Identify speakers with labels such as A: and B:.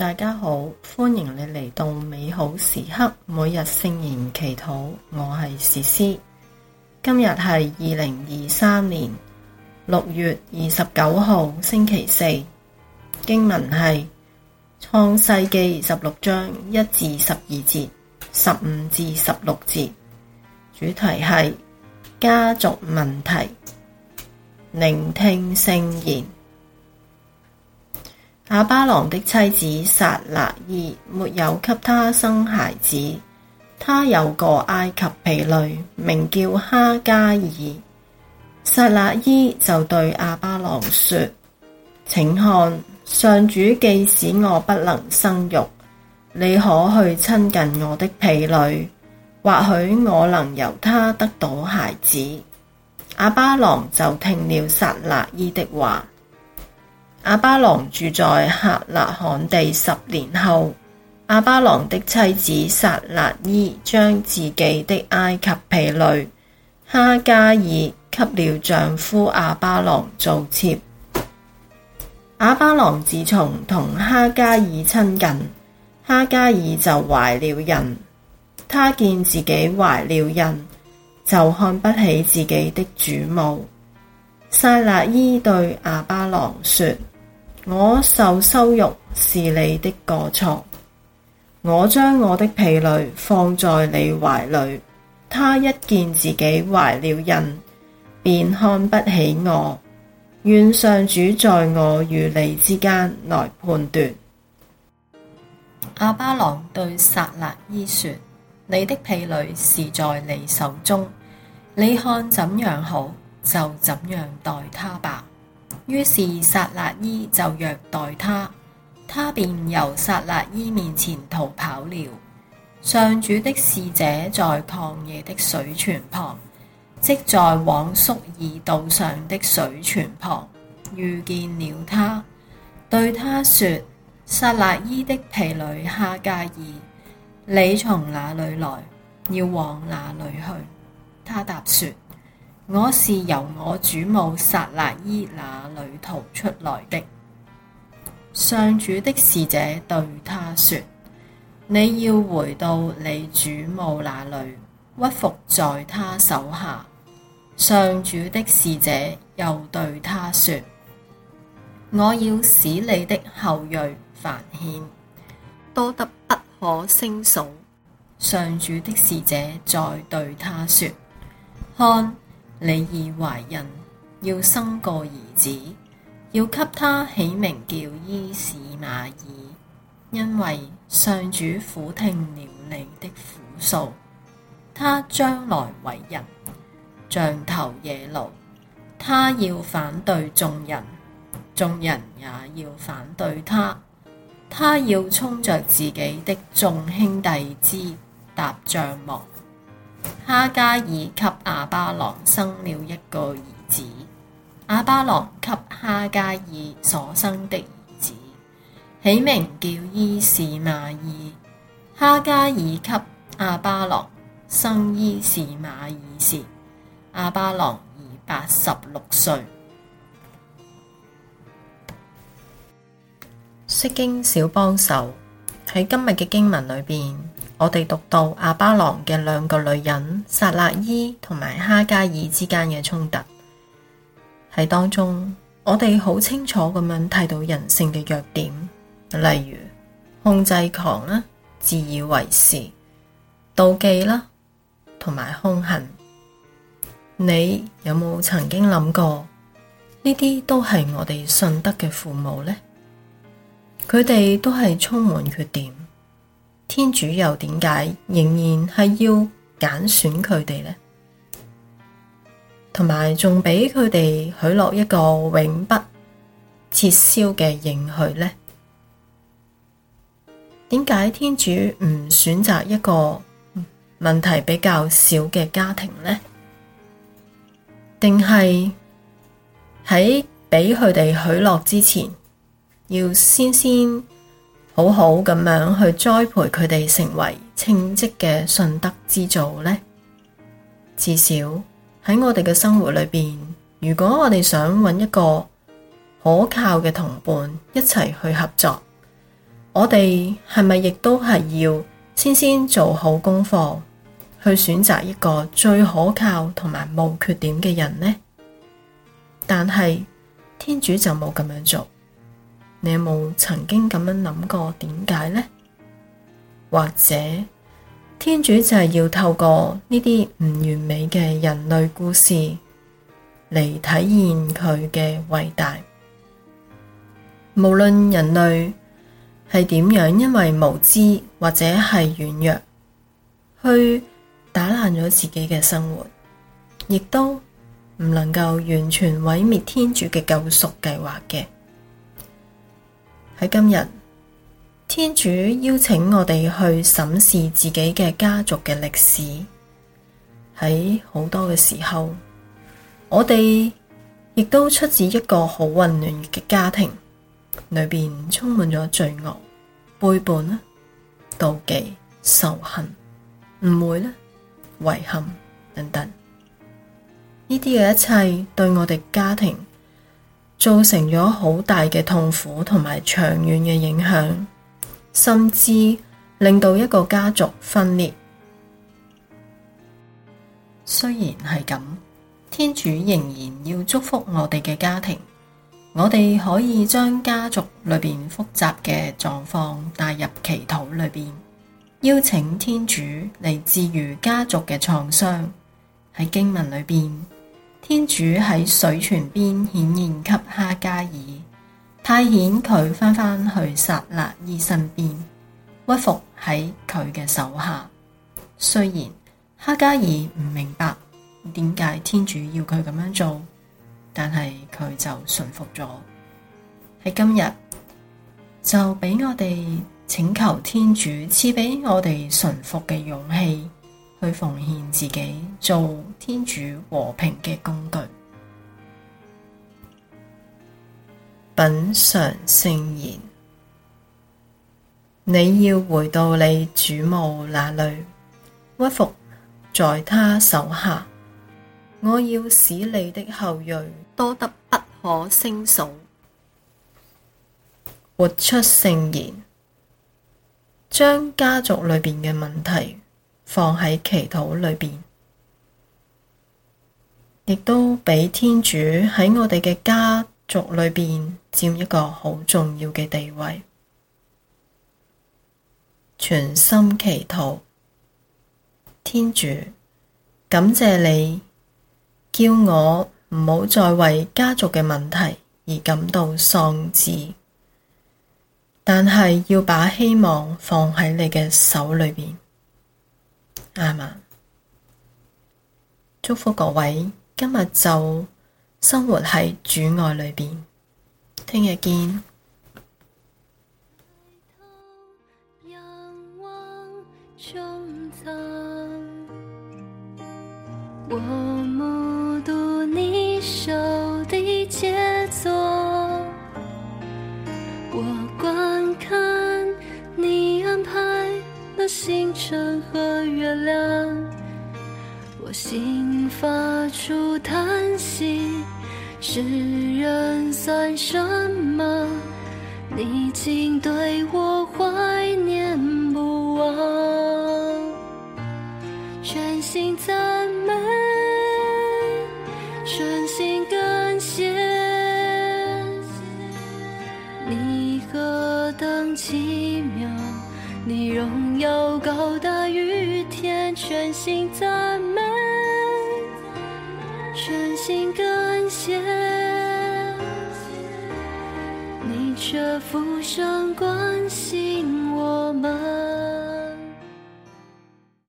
A: 大家好，歡迎你嚟到美好時刻每日聖言祈禱，我係士師。今日係二零二三年六月二十九號星期四，經文係創世紀十六章一至十二節、十五至十六節，主題係家族問題，聆聽聖言。亞巴郎的妻子撒辣依沒有給他生孩子，她有個埃及婢女名叫哈加爾。撒辣依就對亞巴郎說：請看，上主既使我不能生育，你可去親近我的婢女，或許我能由她得到孩子。亞巴郎就聽了撒辣依的話。亞巴郎住在喀勒罕地十年後，亞巴郎的妻子撒辣依將自己的埃及婢女哈加爾給了丈夫亞巴郎做妾。亞巴郎自從同哈加爾親近，哈加爾就懷了孕。她見自己懷了孕，就看不起自己的主母。撒辣依對亞巴郎說。我受羞辱是你的過錯。我將我的婢女放在你懷裏，她一見自己懷了孕，便看不起我。願上主在我與你之間來判斷。亞巴郎對撒辣依說：你的婢女是在你手中，你看怎樣好就怎樣待她吧。於是撒辣依就虐待他，他便由撒辣依面前逃跑了。上主的使者在曠野的水泉旁，即在往叔爾道上的水泉旁，遇見了他，對他說：撒辣依的婢女哈加爾，你從哪裏來，要往哪裏去？他答說。我是由我主母撒辣依那裏逃出來的。上主的使者對他說：你要回到你主母那裏，屈服在他手下。上主的使者又對他說：我要使你的後裔繁衍，多得不可勝數。上主的使者再對他說：看。你已懷孕，要生個兒子，要給他起名叫依市瑪耳，因為上主俯聽了你的苦訴。他將來為人像頭野驢，他要反對眾人，眾人也要反對他，他要衝着自己的眾兄弟支搭帳幕。哈加爾給亞巴郎生了一個兒子，亞巴郎給哈加爾所生的兒子起名叫依市瑪耳。哈加爾給亞巴郎生依市瑪耳時，亞巴郎已八十六歲。釋經小幫手喺今日嘅經文裏邊。我哋讀到亞巴郎嘅兩個女人撒辣依同埋哈加爾之間嘅衝突，喺當中我哋好清楚咁樣睇到人性嘅弱點，例如控制狂啦、自以為是、妒忌啦，同埋凶狠。你有冇曾經諗過呢啲都係我哋信德嘅父母呢？佢哋都係充滿缺點。天主又點解仍然係要揀選佢哋呢？同埋仲俾佢哋許諾一個永不撤銷嘅應許呢？點解天主唔選擇一個問題比較少嘅家庭呢？定係喺俾佢哋許諾之前要先先好好咁樣去栽培佢哋，成為稱職嘅順德之祖呢？至少喺我哋嘅生活裏邊，如果我哋想揾一個可靠嘅同伴一齊去合作，我哋係咪亦都係要先先做好功課，去選擇一個最可靠同埋冇缺點嘅人呢？但係天主就冇咁樣做。你有冇曾經咁樣諗過點解呢？或者天主就係要透過呢啲唔完美嘅人類故事嚟體現佢嘅偉大。無論人類係點樣，因為無知或者係軟弱，去打爛咗自己嘅生活，亦都唔能夠完全毀滅天主嘅救贖計劃嘅。喺今日，天主邀請我哋去審視自己嘅家族嘅歷史。喺好多嘅時候，我哋亦都出自一個好混亂嘅家庭，裏邊充滿咗罪惡、背叛、妒忌、仇恨、誤會啦、遺憾等等。呢啲嘅一切對我哋家庭造成咗好大嘅痛苦同埋長遠嘅影響，甚至令到一個家族分裂。雖然係咁，天主仍然要祝福我哋嘅家庭。我哋可以將家族裏邊複雜嘅狀況帶入祈禱裏邊，邀請天主嚟治癒家族嘅創傷。喺經文裏邊。天主喺水泉邊顯現給哈加爾，派遣佢返返去撒辣依身邊，屈服喺佢嘅手下。雖然哈加爾唔明白點解天主要佢咁樣做，但係佢就順服咗。喺今日，就俾我哋請求天主賜俾我哋順服嘅勇氣。去奉獻自己，做天主和平嘅工具。品嘗聖言，你要回到你主母那裡，屈服在他手下。我要使你的後裔多得不可勝數。活出聖言，將家族裡邊嘅問題。放喺祈禱裏邊，亦都畀天主喺我哋嘅家族裏邊佔一個好重要嘅地位。全心祈禱，天主，感謝你叫我唔好再為家族嘅問題而感到喪志，但係要把希望放喺你嘅手裏邊。阿們，祝福各位，今日就生活喺主愛裏面，聽日見。 我心發出嘆息，世人算什麼？你竟對我懷念不忘，全心讚美，全心感謝，你何等奇妙，你榮耀高大逾天，全心讚美。全心感謝，你卻俯身關心我們。